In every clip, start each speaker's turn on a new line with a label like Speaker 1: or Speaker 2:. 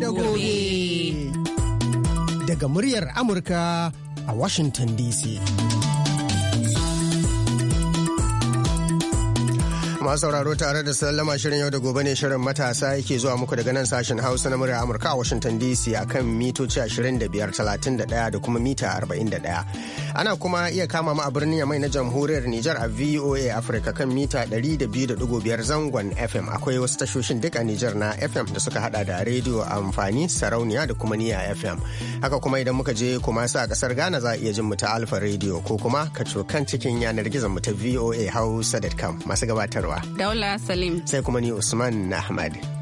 Speaker 1: da gobe. Daga muryar Amurka a Washington DC. masu sauraro tare da sallama shirin yau da gobe ne shirin matasa yake zuwa muku daga nan sashen hausa na murya amurka a washington dc akan mitoci 25 31 da kuma mita 41 Ana kuma iya kama mu a birnin Yamai na jamhuriyar Nijar a VOA Africa kan mita 200.5 zangon FM akwai wasu tashoshin duk a Nijar na FM da suka hada da rediyo amfani sarauniya da kuma niya FM. Haka kuma idan muka je kuma sa kasar Ghana za a iya jin mu ta Alfa Radio ko kuma ka kan cikin yanar gizon mu ta VOA Hausa.com masu gabatarwa. Daula Salim. Sai kuma ni Usman Ahmad.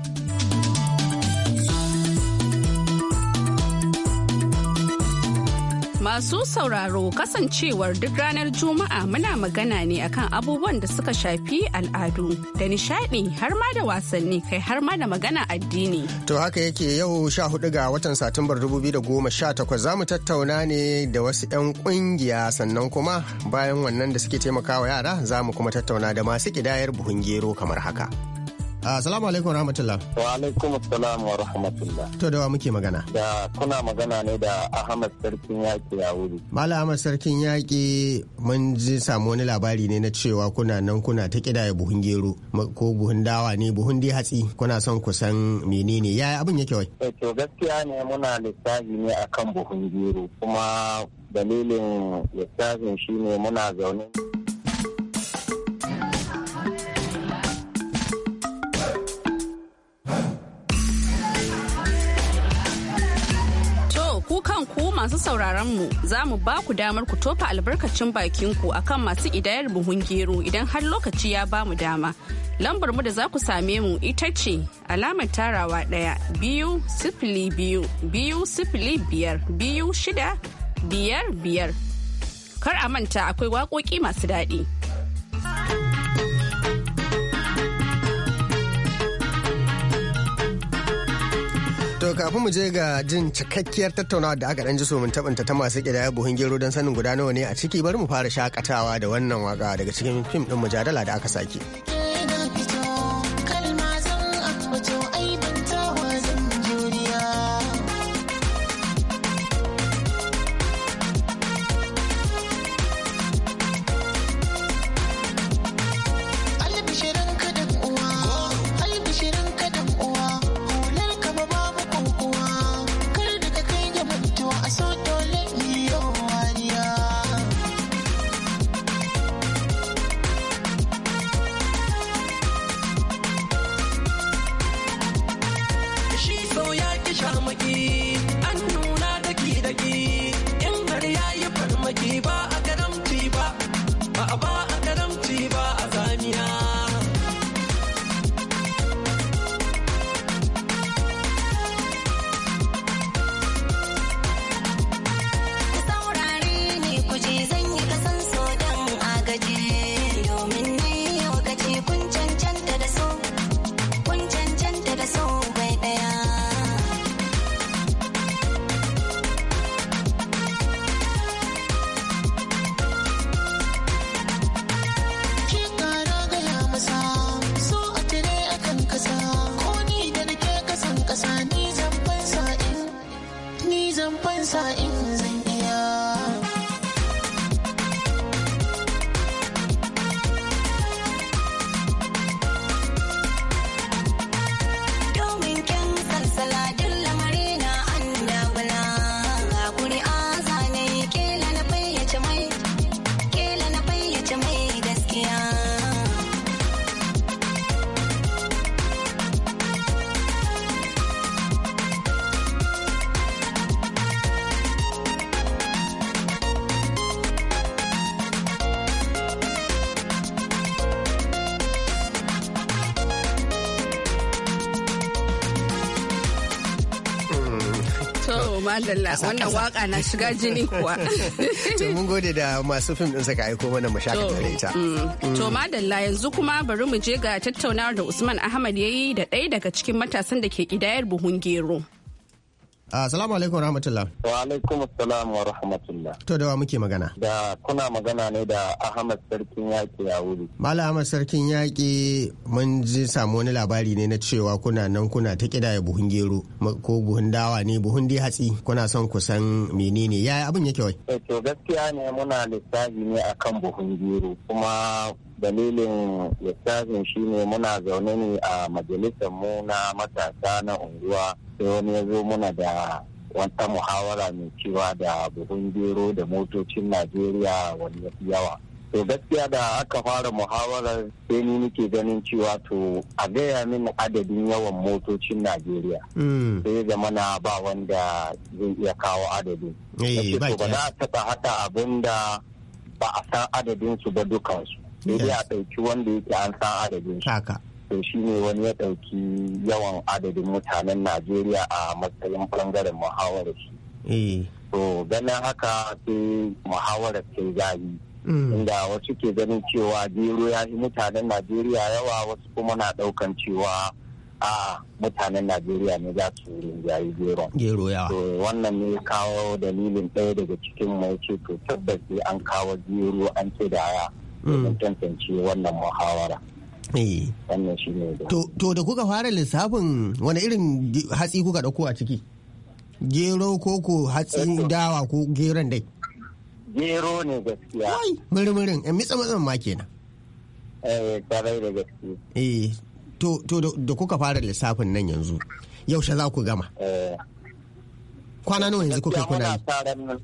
Speaker 2: Masu sauraro kasancewar duk ranar Juma'a muna magana ne akan abubuwan da suka shafi al'adu da nishadi har ma da wasanni kai har ma da magana addini.
Speaker 1: To haka yake yau sha hudu ga watan Satumbar 2018 za mu tattauna ne da wasu 'yan ƙungiya, sannan kuma bayan wannan da suke taimakawa yara za mu kuma tattauna da masu kidayar buhun gero kamar haka. Assalamu alaikum rahmatullah.
Speaker 3: Wa alaikum assalam wa rahmatullah.
Speaker 1: To da wa muke magana?
Speaker 3: Da kuna magana ne da Ahmad Sarkin Yaƙi a wuri.
Speaker 1: Mala Ahmad Sarkin Yaƙi mun ji samu wani labari ne na cewa kuna nan kuna ta ya buhun gero ko buhun dawa ne buhun dai hatsi kuna son ku san menene yaya abin yake wai? Eh
Speaker 3: to gaskiya ne muna lissafi ne akan buhun gero kuma dalilin lissafin shine muna zaune.
Speaker 2: masu sauraron mu za mu ba ku damar ku tofa albarkacin bakin ku akan masu idayar buhun gero idan har lokaci ya ba mu dama. Lambar mu da za ku same mu ita ce alamar tarawa ɗaya biyu sifili biyu biyu sifili biyar biyu shida biyar biyar. Kar a manta akwai waƙoƙi masu daɗi.
Speaker 1: To kafin mu je ga jin cikakkiyar tattaunawa da aka dan ji somin tabanta ta masu kidaya buhun gero don sanin guda nawa ne a ciki bari mu fara shakatawa da wannan waka daga cikin fim din mujadala da aka sake.
Speaker 2: madalla wannan waka na shiga jini kuwa.
Speaker 1: To mun gode da masu fim ɗin suka aiko mana mu shaka tare ita. Mm. Mm. To
Speaker 2: madalla yanzu kuma bari mu je ga tattaunawar da Usman Ahmad ya yi da ɗaya daga cikin matasan da ke ƙidayar buhun gero.
Speaker 1: Assalamu ah, alaikum rahmatullah. Wa alaikum assalam wa rahmatullah. To da wa muke magana? Da kuna magana ne
Speaker 3: da Ahmad Sarkin Yaƙi a wuri.
Speaker 1: Mala Ahmad Sarkin Yaƙi mun ji samu wani labari ne na cewa kuna nan kuna ta kidaya buhun gero ko buhun dawa ne buhun dai hatsi kuna son ku san menene yaya abin yake wai?
Speaker 3: Eh, to gaskiya ne muna lissafi ne akan buhun gero kuma dalilin littafin shine muna zaune ne a majalisar mu na matasa na unguwa sai wani ya zo muna da wata muhawara mai cewa da buhun gero da motocin najeriya wani yawa to gaskiya da aka fara muhawarar sai ni nake ganin cewa to a gaya min adadin yawan motocin najeriya hmm. sai zama na ba wanda zai iya kawo adadin eh, ba za a taɓa haɗa abin da ba a san adadinsu ba dukansu sai dai a ɗauki wanda yake an san adadin shi to shi ne wani ya ɗauki yawan adadin mutanen najeriya a matsayin bangaren muhawarar shi eh. to ganin haka sai muhawarar sai zayi mm. inda wasu ke ganin cewa gero ya yi mutanen najeriya yawa wasu kuma na ɗaukan cewa a mutanen najeriya ne za su rinjayi gero gero yawa wannan ne kawo dalilin ɗaya daga cikin mai ce to tabbas an kawo gero an ce da Mm. tantance wannan muhawara. Eh. Wannan shi ne
Speaker 1: To da kuka fara lissafin wani irin hatsi kuka dauko a ciki? Gero ko ku hatsin eh, dawa ko geron dai? Gero ne gaskiya. Wai, murmurin, in eh, mitsa matsan ma kenan. Eh, kwarai da gaske. Eh, to da kuka fara lissafin nan yanzu, yaushe za ku gama? Kwana nawa yanzu kuka kuna
Speaker 3: yi?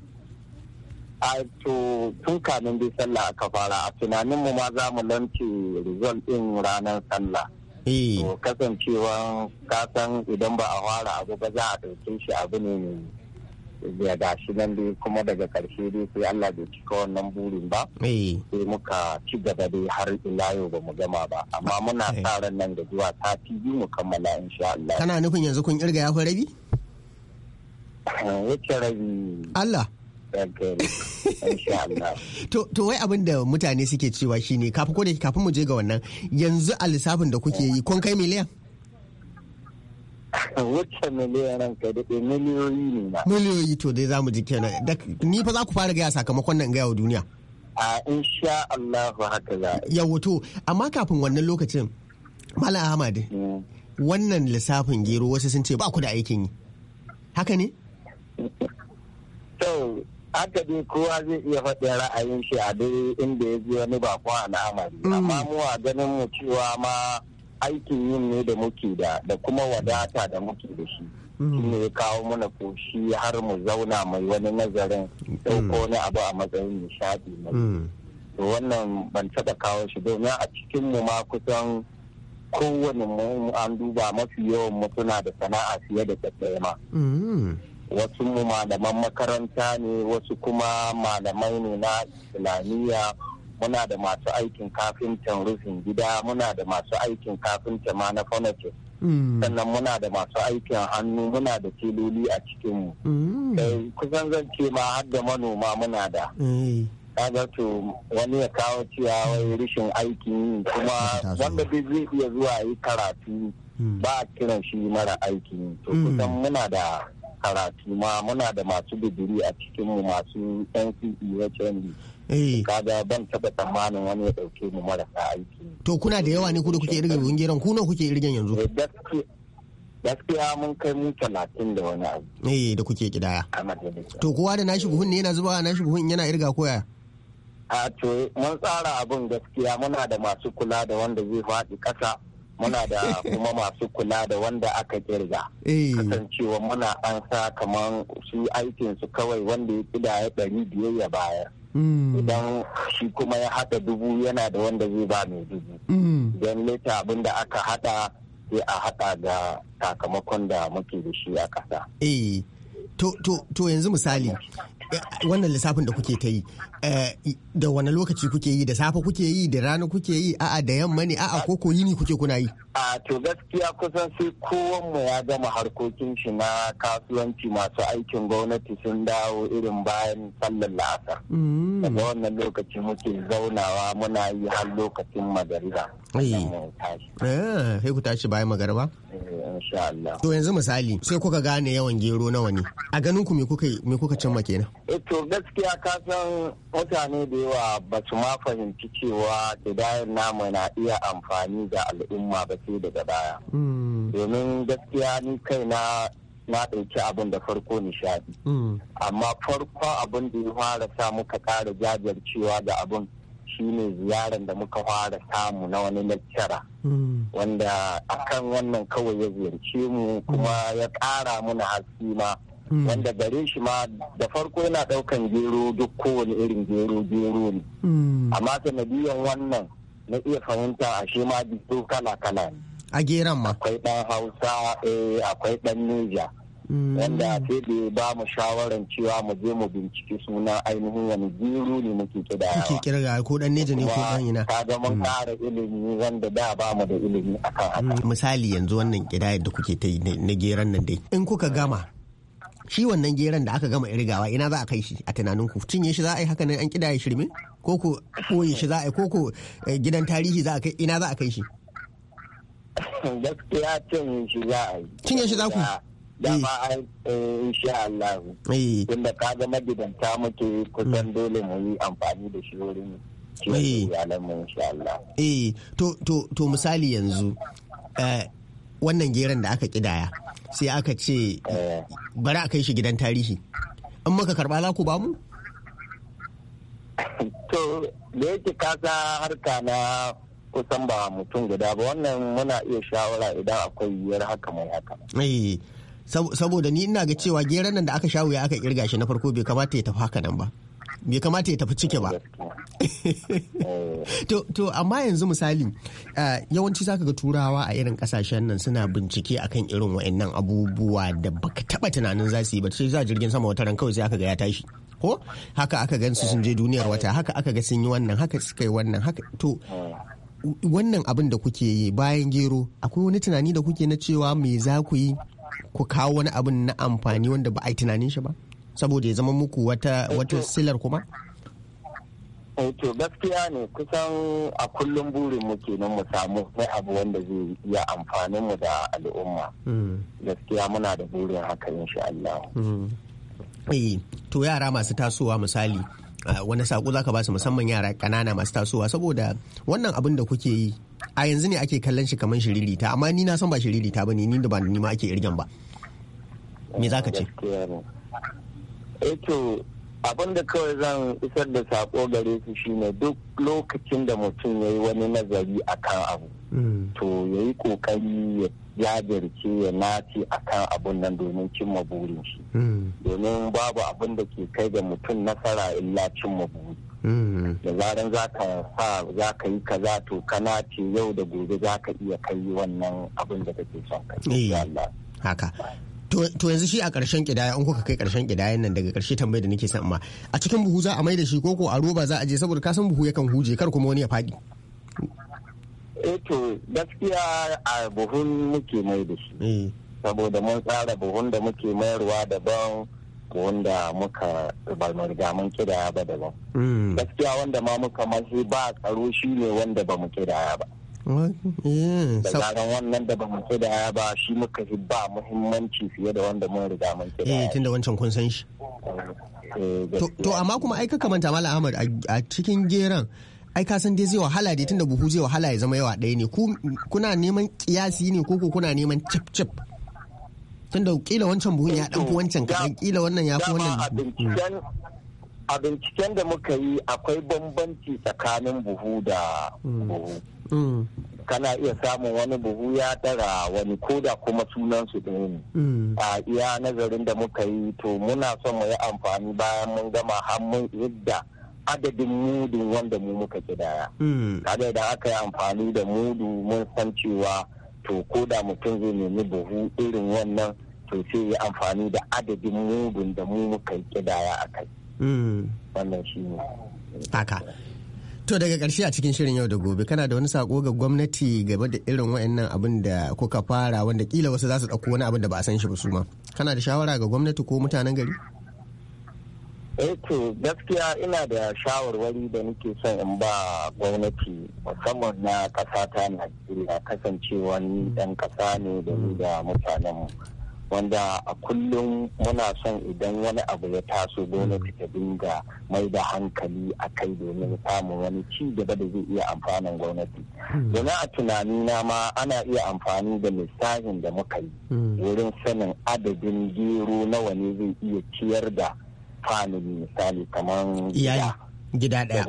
Speaker 3: a to tun kanin bi sallah aka fara a tunanin mu ma za mu lance result din ranar sallah eh. to kasancewa kasan idan ba a fara abu ba za a dauke shi abu ne ne da shi nan dai kuma daga karshe dai sai Allah bai cika wannan burin ba eh. sai muka ci gaba dai har ila yau ba mu gama ba amma muna eh. sa ran nan da zuwa ta biyu mu kammala insha Allah
Speaker 1: kana nufin yanzu kun kirga ya rabi? bi?
Speaker 3: Allah.
Speaker 1: to to wai abin da mutane suke cewa shine kafin ko kafin mu je ga wannan yanzu a lissafin da kuke yi kun kai miliyan wacce miliyan ka daɗe miliyoyi ne na miliyoyi to dai za mu ji kenan ni fa za ku fara gaya sakamakon nan gaya wa duniya a insha Allah haka za yawo to amma kafin wannan lokacin Malam Ahmad mm. wannan lissafin gero wasu sun ce ba ku da aikin yi haka ne?
Speaker 3: haka dai kowa zai iya faɗin ra'ayin shi a dai inda ya ba wani bakon al'amari mm. amma mu a ganin mu cewa ma aikin yin ne da muke da da kuma wadata da muke da shi mm. shine ya kawo mana koshi har mu zauna mai wani nazarin mm. ɗauko wani abu a matsayin nishaɗi to wannan ban taɓa kawo shi domin a cikin mu ma kusan kowane mu an duba mafi yawan mutuna da sana'a fiye da ta ma wasu malaman makaranta ne wasu kuma malamai ne na islamiyya muna da masu aikin kafintan rufin gida muna da masu aikin kafinta ma na furniture
Speaker 4: hmm. sannan
Speaker 3: muna da masu aikin hannu muna da tiloli a cikinmu hmm. eh, kusan zan ce ma har da manoma muna da eh. kaga to wani ya kawo cewa wai rashin aiki kuma wanda zai iya zuwa yi karatu hmm. ba a kiran shi mara aiki yi to kusan muna da karatu ma muna da masu digiri a cikin mu masu NCE HND. Eh. Kaga ban
Speaker 1: taba tsammanin wani ya dauke mu marasa aiki. To kuna da yawa ne ku kuke irgan bungiran ku nawa kuke irgan yanzu? Eh, gaskiya mun kai mu talatin da wani abu. Eh da kuke kidaya. To kowa da nashi buhun ne yana a nashi buhun yana irga koya.
Speaker 3: A to mun tsara abin gaskiya muna da masu kula da wanda zai faɗi ƙasa. muna da kuma masu kula da wanda aka kirga
Speaker 1: eh. kasancewa
Speaker 3: muna an sa kamar su aikin su kawai wanda ya ya ɗari biyar ya bayar hmm. idan shi kuma ya haɗa dubu yana da wanda zai ba mai dubu hmm. don leta abin da aka haɗa sai a haɗa ga sakamakon da muke da shi a ƙasa.
Speaker 1: Eh. to yanzu misali wannan lissafin da kuke ta yi eh, da wani lokaci kuke yi da safe kuke yi da rana kuke yi a'a da yamma ne a'a ko ko yini kuke kuna yi a to
Speaker 3: gaskiya kusan sai kowanmu ya gama harkokin shi na kasuwanci masu aikin gwamnati sun dawo irin bayan sallar la'asar
Speaker 1: mm. daga
Speaker 3: wannan lokaci muke zaunawa muna yi har lokacin magariba
Speaker 1: eh, sai ku tashi bayan magariba eh, to yanzu misali sai kuka gane yawan gero nawa ne a ganin ku me kuka cimma kenan
Speaker 3: eh, to gaskiya ka san mutane da yawa ba su ma fahimci cewa da namu na iya amfani da al'umma ba su daga baya
Speaker 5: hmm.
Speaker 3: domin gaskiya ni kai na na ɗauki abin da farko nishadi hmm. amma farko abin da ya fara sa muka ƙara jajircewa da abin shine ziyarar da muka fara samu na wani lecturer hmm. wanda akan wannan kawai ya ziyarce mu kuma ya ƙara muna haske ma wanda gare shi ma da farko yana ɗaukan gero duk kowane irin gero gero ne amma sanadiyan wannan na iya fahimta a shi ma bido kala kala a geran ma akwai dan hausa eh akwai dan neja
Speaker 1: mm. wanda
Speaker 3: sai da ba mu shawaran cewa mu je mu binciki suna ainihin wani biyu ne muke kida ke
Speaker 1: kira ko dan neja ne ko dan ina ka ga mun kara mm. ilimi wanda da ba mu da ilimi akan haka mm, misali yanzu wannan kidayar da kuke ta yi na geran nan dai in kuka gama shi wannan geran da aka gama irgawa ina za a kai shi a tunanin ku cinye shi za a yi haka nan an kida ya shirme ko ko koyi shi za a yi ko eh, gidan tarihi za a kai ina za a kai shi
Speaker 3: gaskiya cinye shi za a yi cinye shi za ku ba eh. an eh, insha Allah tunda ka ga magidanta muke kusan dole mu yi amfani da shi wurin
Speaker 1: ciyar iyalan mu insha Allah eh to to to misali yanzu wannan geron da aka kidaya sai aka ce bari a kai shi gidan tarihi in muka karba za ku ba mu? to da
Speaker 3: yake kasa harka na kusan ba mutum guda ba wannan muna iya shawara idan akwai yiwuwar haka mai haka.
Speaker 1: Eh, saboda ni ina ga cewa geron nan da aka sha ya aka kirga shi na farko bai kamata ya tafi haka nan ba. bai kamata ya tafi cike ba eh, to amma yanzu misali eh, yawanci zaka ga turawa a irin kasashen nan suna bincike akan irin wa'annan abubuwa da baka taba tunanin za su yi ba sai za jirgin sama wata ran kawai sai aka ga ya tashi ko haka aka gan su sun je duniyar wata haka aka ga sun yi wannan haka suka yi wannan haka to eh. wannan abin da kuke yi bayan gero akwai wani tunani da kuke na cewa mai za ku yi ku kawo wani abin na amfani wanda ba a yi tunanin shi ba saboda ya zama muku wata eh, wata silar kuma
Speaker 3: eh, to gaskiya ne kusan a kullum burin muke kenan mu samu sai abu wanda zai iya amfanin mu da al'umma hmm. gaskiya muna da burin haka insha Allah
Speaker 1: hmm. eh to yara masu tasowa misali wani saƙo za ka ba su musamman yara ƙanana masu tasowa saboda wannan abin da kuke yi a yanzu ne ake kallon shi kamar shiririta amma ni na san ba shiririta ba ne ni da ba ni ma ake irgen ba me za ka ce
Speaker 3: eto eh abin da kawai zan isar da saƙo gare su shine duk lokacin da mutum ya yi wani nazari akan abu mm. to ya yi kokari ya jajirce ya nace akan abun nan domin cimma burin shi mm. domin babu abin da ke kai da mutum nasara illa cimma buri mm. da zaran za ka sa ka yi kaza to ka nace yau da gobe za ka iya kai wannan abin
Speaker 1: da kake son kai to yanzu shi a ƙarshen kidaya in kuka kai ƙarshen kidayan nan daga ƙarshe tambayar da nake son ma a cikin buhu za a mai da shi ko a roba za a je saboda kasan buhu yakan huje kar kuma wani ya faɗi
Speaker 3: eh to gaskiya a buhun muke mai da shi eh. saboda mun tsara buhun da muke mayarwa daban buhun da muka ba mu mun kidaya ba daban hmm. gaskiya wanda ma muka mashi ba tsaro ne wanda ba mu kidaya ba
Speaker 1: Mm, da garan
Speaker 3: wannan da ba mu ce da ba shi muka fi ba muhimmanci fiye da wanda mun riga mun ce da eh
Speaker 1: tunda wancan kun san shi
Speaker 3: eh, to amma
Speaker 1: kuma ai kaka manta mala ahmad a cikin geran ai ka san dai zai wahala dai tunda buhu zai wahala ya zama yawa ɗaya ne kuna neman kiyasi ne koko kuna neman cip cip tunda kila wancan buhun ya ɗan wancan kaɗan kila wannan ya fi wannan
Speaker 3: a binciken da muka yi akwai bambanci tsakanin buhu da mm. buhu mm. kana iya samun wani buhu ya dara, wani koda kuma sunansu ɗin. ne
Speaker 5: mm. a
Speaker 3: iya nazarin da muka yi to muna son mu yi amfani bayan mun gama hannun yadda adadin mudu wanda mu muka kidaya kada da aka yi amfani da mudu mun san cewa to koda mutum zai nemi buhu irin wannan to sai yi amfani da adadin mudun da mu muka kidaya a kai Hmm. wannan
Speaker 1: to daga ƙarshe a cikin shirin yau da gobe kana da wani sako ga gwamnati game da irin wa'annan abin da kuka fara wanda kila wasu za su ɗauko wani abin da ba a san shi ba su ma kana da shawara ga gwamnati ko mutanen gari
Speaker 3: eh, to gaskiya ina da shawarwari da nake son in ba gwamnati musamman na ƙasa ta najeriya kasancewa ni hmm. ɗan ƙasa ne da ni da hmm. mutanenmu wanda a kullum muna son idan wani abu ya taso gwamnati mm. ta dinga mai da hankali a kai domin samun wani ci gaba da zai iya amfanin gwamnati mm. domin a tunani na ma ana iya amfani da lissafin da muka yi mm. wurin sanin adadin gero nawa ne zai iya ciyar da fanin misali kamar gida gida daya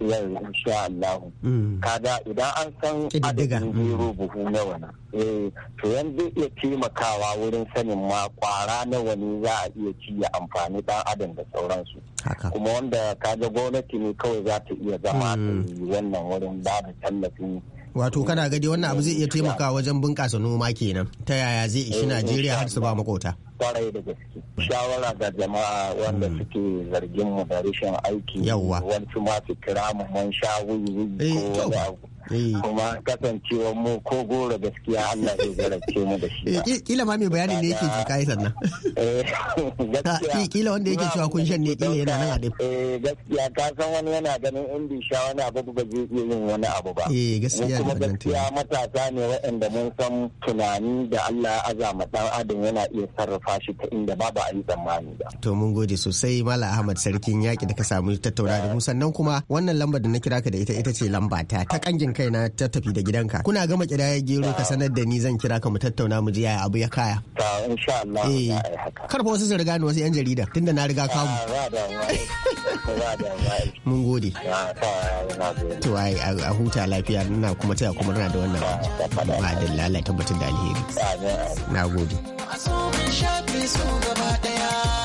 Speaker 3: insha Allah mm. kaga idan an san adadin biro buhu na wani. Eh, to yanzu iya taimakawa wurin sanin ma kwara nawa wani za a iya ci ya amfani dan adam da sauransu kuma wanda kaga gwamnati ne kawai za ta iya zama mm. wannan wurin ba da tallafin
Speaker 1: wato kana gadi wannan abu zai iya taimaka wajen bunƙasa noma kenan ta yaya zai ishi eh, najeriya har su ba makota
Speaker 3: kwarai da gaske shawara ga jama'a wanda hmm. suke zargin mu da rashin aiki yawa wani ma su kira mu mun sha wuyi eh, ko Eh. kuma kasancewar mu ko goro gaskiya Allah zai zarafce mu da shi eh,
Speaker 1: kila ma mai bayani ne yake ji kai sannan
Speaker 3: eh,
Speaker 1: kila wanda yake cewa kun shan ne kila yana nan a dai gaskiya ka san wani yana ganin in bi sha wani
Speaker 3: abu ba zai iya yin wani abu ba eh gaskiya kuma gaskiya matasa ne waɗanda mun san tunani da Allah ya azama dan adam yana iya sarrafa shi ta inda babu a yi tsammani ba
Speaker 1: to mun gode sosai Malam Ahmad sarkin yaki da ka samu tattauna da mu sannan kuma wannan lambar da na kira ka da ita ita ce lamba ta ta kangin kaina ta tafi da gidanka kuna gama kidayar gero ka sanar da ni zan kira ka mu tattauna mu ji yaya abu ya kaya ta eh, karfa wasu su riga ni wasu yan jarida tunda na riga kamu ah, mun gode to ai a huta lafiya ina kuma taya kuma rana da wannan ah, ba da lalata tabbatar da alheri na gode
Speaker 5: a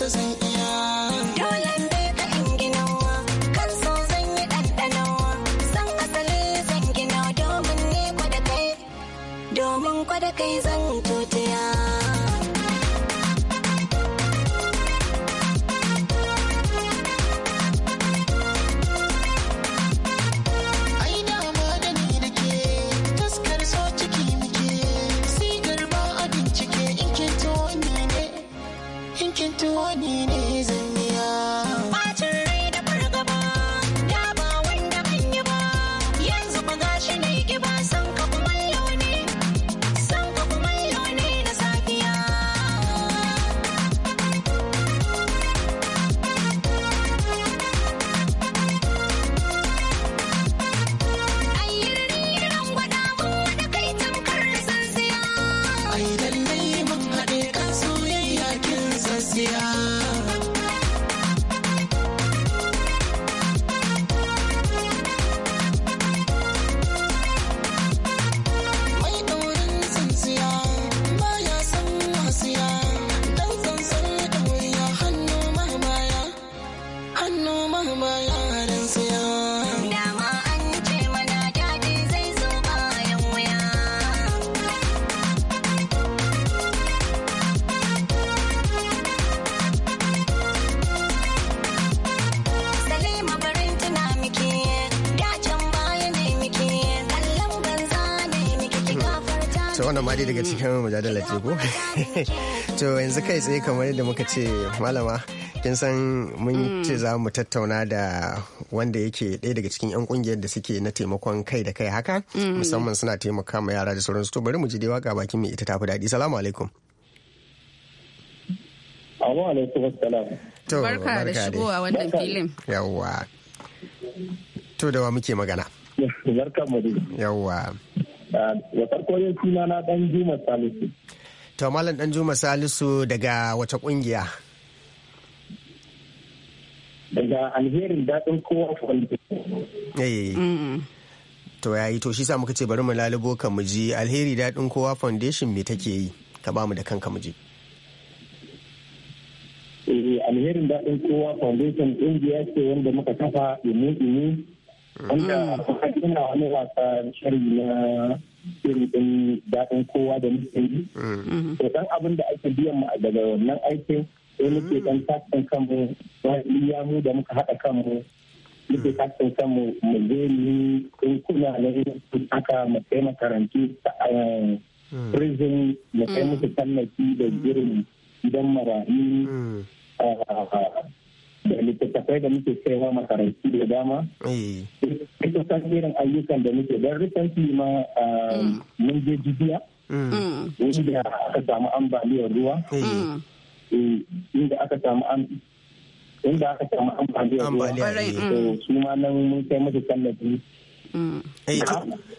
Speaker 5: so sweet.
Speaker 1: ɗaya daga cikin mujadala ce to yanzu kai tsaye kamar yadda muka ce malama kin san mun mm. ce za mu tattauna da wanda yake ɗaya daga cikin 'yan kungiyar da suke na taimakon kai da kai haka mm. musamman suna taimaka ma yara da sauransu to bari mu ji dai waka bakin mai ita tafi daɗi salamu alaikum
Speaker 5: salamu alaikum assalam.
Speaker 1: To barka da
Speaker 2: wannan filin.
Speaker 1: Yawwa. To da wa muke magana? Barka mu Yawwa. da farko yin suna na dan juma salisu to malam dan juma salisu daga wace kungiya
Speaker 5: daga alherin daɗin kowa foundation
Speaker 1: eh. to yayi to shi sa muka ce bari mu lalubo kan mu ji alheri daɗin kowa foundation me take yi ka ba mu da kanka mu ji
Speaker 5: eh, alherin daɗin kowa foundation ƙungiya ce wanda muka kafa imu imu wanda mm. ina wani wasa shari na irin din daɗin kowa da muke yi mm. to dan abin da ake biyan mu daga wannan aikin sai muke dan takin kanmu wani ya mu da muka haɗa kanmu muke mm. takin kanmu mu je ni in kuna ne aka mu kai makarantu eh, prison mu kai musu tallafi da girin gidan marayu ah, ah, ah. da littattafai da muke kaiwa makarantu da dama.
Speaker 1: Ita
Speaker 5: eh. san irin ayyukan da muke don recently ma ah, mm. mun je jibiya. Mm. Mm. Eh, inda aka samu ambaliyar ruwa. Inda aka samu an inda aka samu ambaliyar ruwa. Su ma nan mun kai musu tallafi.
Speaker 1: Eh,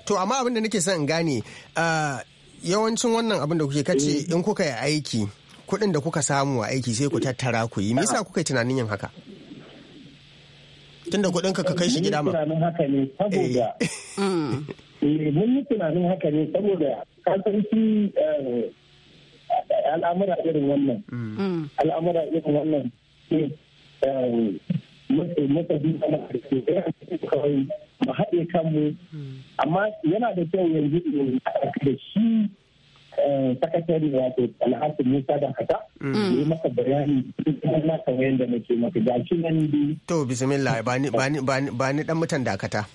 Speaker 1: to amma abin da nake son gane ah, yawancin wannan abin da kuke kace in kuka yi aiki. kuɗin da kuka samu a aiki sai ku tattara ku yi me yasa kuka yi tunanin yin haka tunda kuɗin ka kai shi gida ma tunanin haka ne saboda eh. Eh, mun yi tunanin haka ne saboda kasanci
Speaker 5: eh, al'amura irin wannan mm. al'amura irin wannan masa duka na karshe kawai mu haɗe kanmu mm. amma yana da kyau yanzu da shi
Speaker 1: Eh, sakatari wato alhassan musa da hata mm. yi maka bayani na kamar yadda muke maka ga shi nan bi to bismillah ba ni dan mutan dakata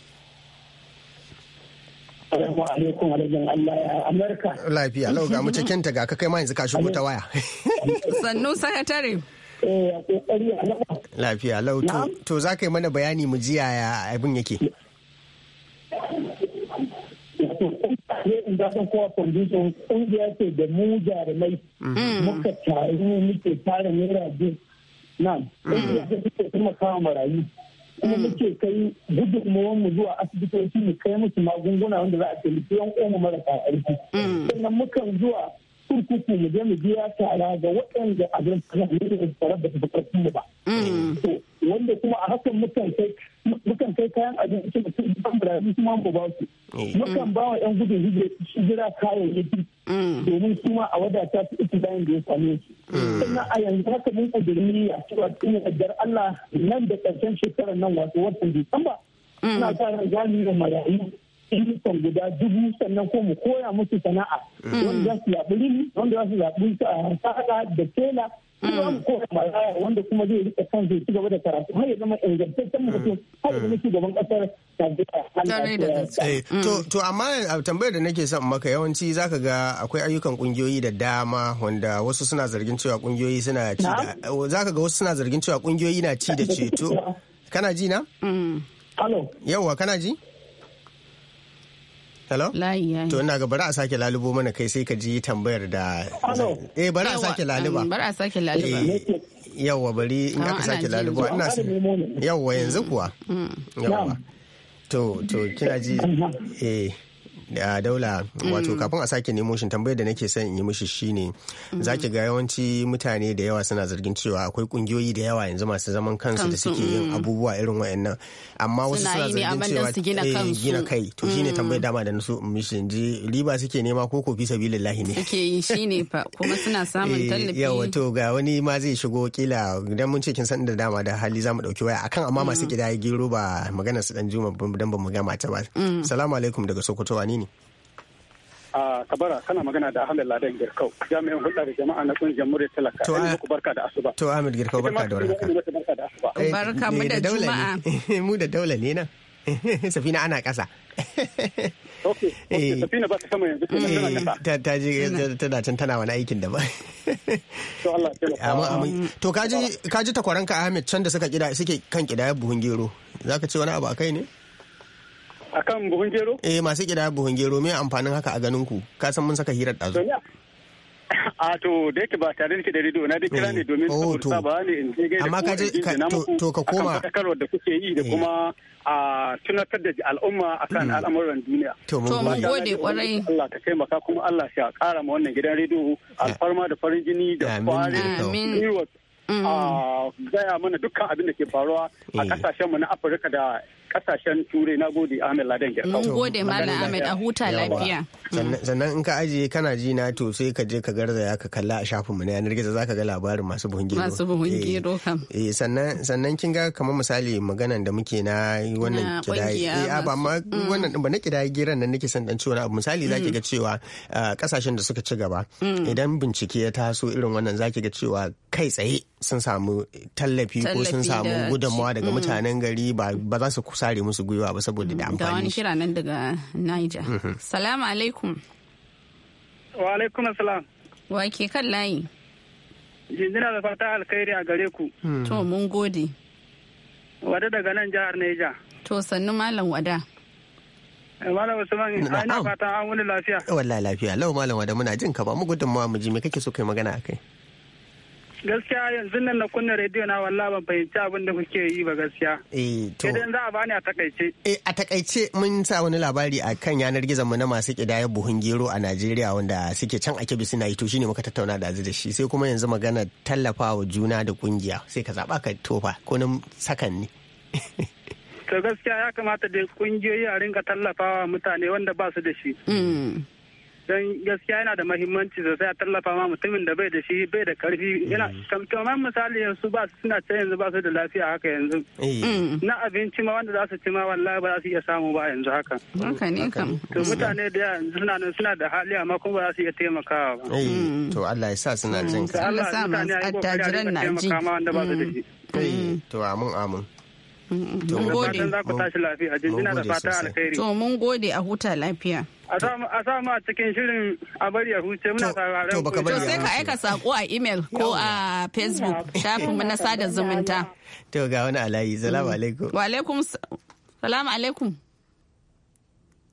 Speaker 1: Assalamu alaikum alaikum Allah Amerika. Lafiya, lau ga mu ta ga ka kai ma yanzu ka shigo ta waya.
Speaker 2: Sannu sakatare. Eh,
Speaker 1: Lafiya, lau to za ka yi mana bayani mu ji yaya abin yake. Eh, in da kowa
Speaker 5: foundation kungiya ce da mu jarumai mm-hmm. muka taru muke tara naira biyu na kungiya mm-hmm. ce muke taimakawa marayu kuma mm-hmm. muke kai gudunmuwan mu zuwa asibitoci mu kai musu magunguna wanda za a taimaki yan uwanmu marasa ƙarfi sannan mukan zuwa kurkuku mu je mu biya tara ga waɗanda a abin fara da su ba. wanda kuma a hakan mukan kai kayan abinci mutum ban birane kuma mu ba su oh. mukan ba wa 'yan gudun hijira kayayyaki mm. domin kuma a wadata su ita bayan da ya same su mm. sannan a yanzu haka mun ƙudurmi a cewa cikin yardar Allah nan da ƙarshen shekarar nan wato watan Disamba mm. ina sa ran gani da marayu ayyukan guda dubu sannan ko mu koya musu sana'a wanda za su zaɓi rini wanda za su zaɓi sa'ada da tela Kuma ko kora maraya wanda kuma zai rika son zai ci gaba da karatu har ya zama ingantaccen mutum mm. har ya zama shugaban kasar
Speaker 1: eh, mm. To amma tambayar da nake son maka yawanci zaka ga akwai ayyukan kungiyoyi da dama wanda wasu suna zargin cewa kungiyoyi suna ci da zaka ga wasu suna zargin cewa kungiyoyi na ci da ceto. Kana ji na? Mm. Halo. Yawwa kana ji? Hello? Layi To ina ga bari a sake lalubo mana kai sai ka ji tambayar da Eh um, bari a sake laluba. Bari a
Speaker 2: sake eh, laluba.
Speaker 1: Yawwa bari in aka sake laluba ina yawwa yanzu kuwa.
Speaker 4: Mm. Yawwa.
Speaker 1: To to kina ji eh daula mm. wato kafin a sake nemo shi tambayar da nake son in yi mishi shine mm. zaki ga yawanci mutane da yawa suna zargin cewa akwai kungiyoyi da yawa yanzu masu zaman kansu da suke yin mm. abubuwa irin wa'annan amma wasu suna zargin cewa eh, gina kai to shine tambayar dama da nasu in mishi inji riba suke nema ko ko fi lahi ne suke
Speaker 2: yi shine fa kuma suna samun eh, tallafi yawa
Speaker 1: to ga wani ma zai shigo kila idan mun ce kin san da dama da hali zamu dauki waya akan amma masu kidaya gero ba magana su dan juma dan ba mu gama ta ba salamu alaikum daga sokoto wani. ne
Speaker 4: a kabara kana magana da ahmed ladan girkau jami'in hulɗa da jama'a na kungiyar murya talaka to a ku barka da asuba
Speaker 1: to ahmed girkau barka da warhaka barka eh, mu da juma'a mu da daula ne nan safina ana ƙasa eh. eh, ji tana can tana wani aikin da ba to kaji takwaranka ahmed can da suka suke kan kidayar buhun gero zaka ce wani abu a kai ne akan buhun gero? Eh masu gida buhun gero me amfanin haka a ganin ku? Ka san mun saka hirar ɗazu.
Speaker 4: A ah, to da yake ba tare da rido na da kira ne oh, domin oh, saboda ba ne in je gaida amma ka je to ka koma akan da kuke yi da eh. kuma a tunatar da al'umma akan mm. al'amuran duniya. To mun gode kwarai. Allah ka taimaka kuma Allah ya kara ma wannan gidan rido eh. alfarma da farin jini da kwari da mm. gaya mana dukkan abin da ke faruwa a kasashenmu eh. na Afirka da kasashen turai na gode ahmed ladan mun gode malam ahmed a
Speaker 2: huta lafiya
Speaker 1: sannan in ka ajiye kana ji na to sai ka je ka ya ka kalla a shafin mu na yanar gizo zaka ga labarin masu buhun gero masu buhun eh, gero kam eh sannan sannan kin ga kamar misali maganan da muke na wannan kidayi eh a ba ma mm. wannan ba na kidayi giran nan nake son dan cewa abu misali zaki mm. ga cewa kasashen da suka ci gaba mm. idan bincike ya taso irin wannan zaki ga cewa kai tsaye sun samu tallafi ko sun samu gudunmawa daga mutanen gari ba za su kusare musu gwiwa ba saboda da amfani da wani
Speaker 2: kira nan daga Niger mm-hmm. salamu alaikum alaikum.
Speaker 4: Wa alaikum assalam.
Speaker 2: Wa ke kan layi?
Speaker 4: Jinjina da fata alkhairi a gare ku. Hmm. To mun gode. Wada daga nan jihar Neja.
Speaker 2: To sannu Malam Wada.
Speaker 1: Eh, Malam Usman, ina fata an wani lafiya. Wallahi lafiya, lau Malam Wada muna jin ka ba mu gudun mu ji me kake so kai magana akai.
Speaker 4: gaskiya yanzu nan na kunna rediyo na walla ban fahimci abin da kuke yi ba gaskiya eh to idan za a bani a takaice
Speaker 1: eh a takaice mun sa wani labari a kan yanar gizon mu na masu kidayar buhun gero a Najeriya wanda suke can akebi suna yi to shine muka tattauna da azu da shi sai kuma yanzu magana tallafawa juna da kungiya sai ka zaba ka tofa ko nan sakan ne
Speaker 4: to gaskiya ya kamata da kungiyoyi a rinka tallafawa mutane wanda ba su da shi mm. don gaskiya yana da mahimmanci sosai a tallafa ma mutumin da bai da shi bai da karfi yana mm. kamar misali yanzu ba su suna ta yanzu ba su da lafiya haka yanzu eh. mm. na abinci ma wanda za su ci ma wallahi ba za su iya samu ba yanzu haka haka ne kam to mutane da yanzu suna nan suna da hali amma kuma ba za su iya taimakawa
Speaker 1: ba eh. mm. to Allah ya sa suna jin ka Allah ya sa a' attajiran na ji eh. to amin amin Mun gode. ku tashi lafiya. Jinjina da fata
Speaker 4: alkhairi. To mun
Speaker 2: gode a huta lafiya.
Speaker 4: A samu a cikin shirin a bari ya huce
Speaker 1: muna sauraron to To sai ka
Speaker 2: aika sako a email ko a Facebook shafin mu na sada zumunta.
Speaker 1: To ga wani alayi. Salamu mm. alaikum.
Speaker 2: Wa alaikum. Salamu alaikum.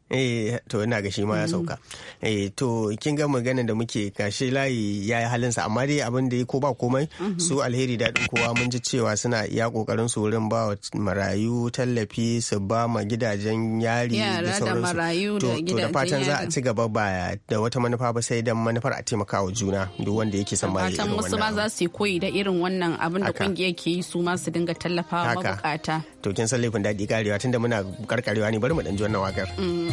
Speaker 1: eh to ina ga shi ma ya mm-hmm. sauka eh to kin ga maganar da muke kashe layi ya yi halinsa amma dai abin da ya ko ba komai mm-hmm. su alheri daɗin kowa mun ji cewa suna iya kokarin su wurin ba wa marayu tallafi su ba ma gidajen yari da sauransu to da fatan za a ci gaba ba da wata manufa ba sai dan manufar a taimaka wa juna duk wanda yake son ba fatan wannan wasu ma
Speaker 2: za su yi koyi da irin wannan abin da kungiyar ke yi su ma su dinga tallafawa mabukata
Speaker 1: to kin san laifin daɗi karewa tunda muna karkarewa ne bari mu dan ji wannan wakar mm.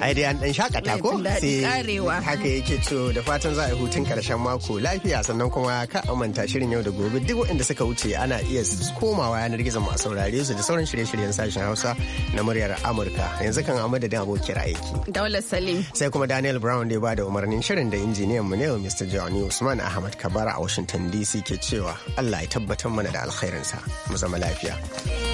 Speaker 1: ai dai an dan shakata ko sai eh, haka yake to da fatan za a hutun karshen mako lafiya sannan kuma ka amanta shirin yau da gobe duk waɗanda suka wuce ana iya komawa yanar gizon masu saurare su da sauran shirye-shiryen sashen Hausa na muryar Amurka yanzu kan amma da abokin aiki
Speaker 2: Daula Salim
Speaker 1: sai kuma Daniel Brown da ya bada umarnin shirin da injiniyan mu ne Mr. Johnny Usman Ahmad Kabara a Washington DC ke cewa Allah ya tabbatar mana da alkhairinsa mu zama lafiya.